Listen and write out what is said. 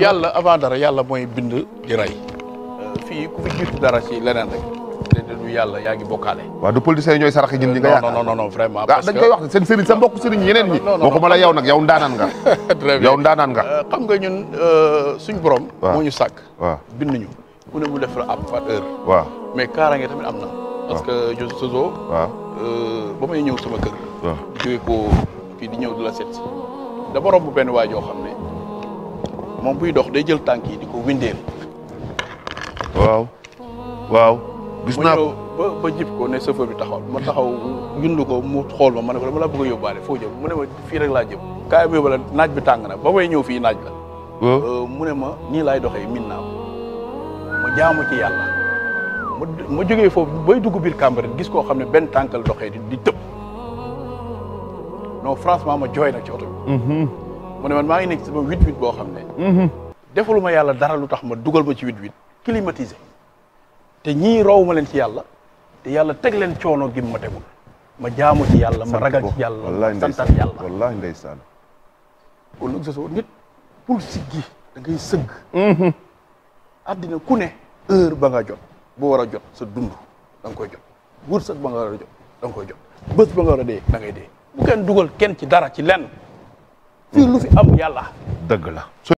yàlla avant dara yàlla mooy bind di rey fii ku fi dara ci leneen rek déedéet du yàlla yaa ngi bokkaale waaw du politicien ñooy sarax ñun ñi nga yaakaar vraiment parce ah, que dañ ñi moo ko ma la yow nag yow ndaanaan nga yow ndaanaan nga euh, xam nga ñun euh, suñ borom moo ñu sàkk waaw bind ñu mu mu def la ab par heure mais mais kaaraange tamit am na parce que jo soso waaw euh, ba may ñëw sama kër jógee ko fii di ñëw la seet si dama benn waay joo xam ne moom buy dox day jël tànk yi di ko windeel. waaw. waaw ma naa ko ba jib ko ne chauffeur bi taxawal ma taxaw yundu ko mu xool ma ma ne ko dama la bëgg a yóbbaale foo jëm mu ne ma fii rek laa jëm kaay bi yóbbaale naaj bi tàng na ba may ñëw fii naaj la. Euh, mu ne ma nii laay doxee min naa ma jaamu ci yàlla ma ma jógee foofu bay dugg biir Cambérène gis koo xam ne benn tànkal doxee di di tëb non franchement ma jooy na ci oto mu ne maa ngi nekk sama huit huit boo xam ne. Mhm. defaluma yàlla dara lu tax ma dugal ma ci wit huit climatisé te ñii roow ma leen ci yàlla te yàlla teg leen coono gim ma tegul ma jaamu ci yàlla ma ragal ci yàlla ma santal yàlla wallaahi ndeysaan kon nag sosoo nit pour siggi da ngay sëgg addina mhm. ku ne heure ba nga jot boo war a jot sa dund da koy jot wërsëg ba nga da nga koy jot bés ba nga war dee da dee bu kenn dugal kenn ci dara ci lenn fii lu fi am yàlla dëgg la